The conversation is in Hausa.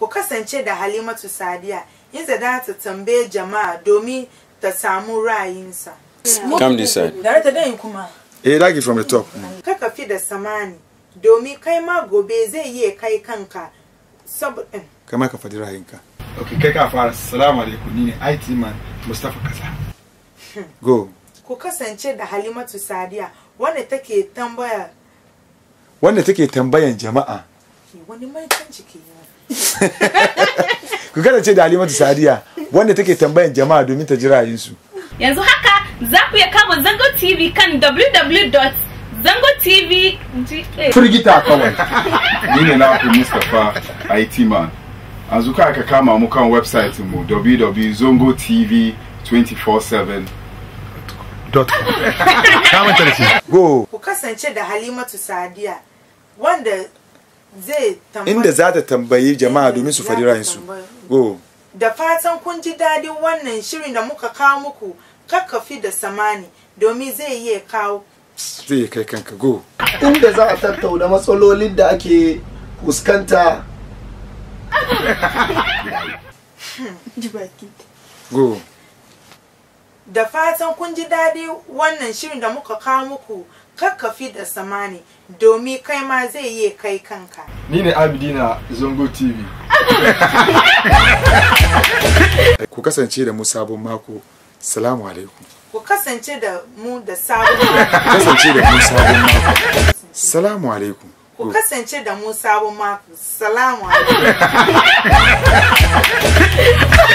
ku kasance da halimatu sadiya inda za ta tambaye jama'a domin ta samu ra'ayinsa come this side ta dan kuma eh like from the top mm. ka kafi da samani domin kai ma gobe zai yi kai kanka saboda mm. kama ka fadi ra'ayinka okay kai ka fara assalamu alaikum ni ne IT man Mustafa Kasa go ku kasance da halimatu sadiya wanda take tambaya wanda take tambayan jama'a wani maitanci ke ku da halimatu sadiya wanda take tambayan jama'a domin ta ji su. yanzu haka za ku iya kama zango tv kan www.zangotv eh. firgita kawai ni ne naku mustapha it man a zuka aka kama mu kan website mu www.zongotv247.com go ku kasance da halimatu sadiya wanda inda za ta tambayi jama'a domin su faɗi ra'ayinsu da fatan kun ji dadin wannan shirin da muka kawo muku kakkafi da samani domin zai iya kawo zai kai kanka go inda za a tattauna matsalolin da ake fuskanta go da fatan kun ji daɗi wannan shirin da muka kawo muku kakkafi da samani domin kai ma zai yi kai kanka. Ni ne Abidina Zongo TV. Ku kasance da mu sabon mako. Salamu alaikum. Ku kasance da mu da sabon mako. Ku kasance da mu sabon mako. Salamu alaikum. Ku kasance da mu sabon mako. Salamu alaikum.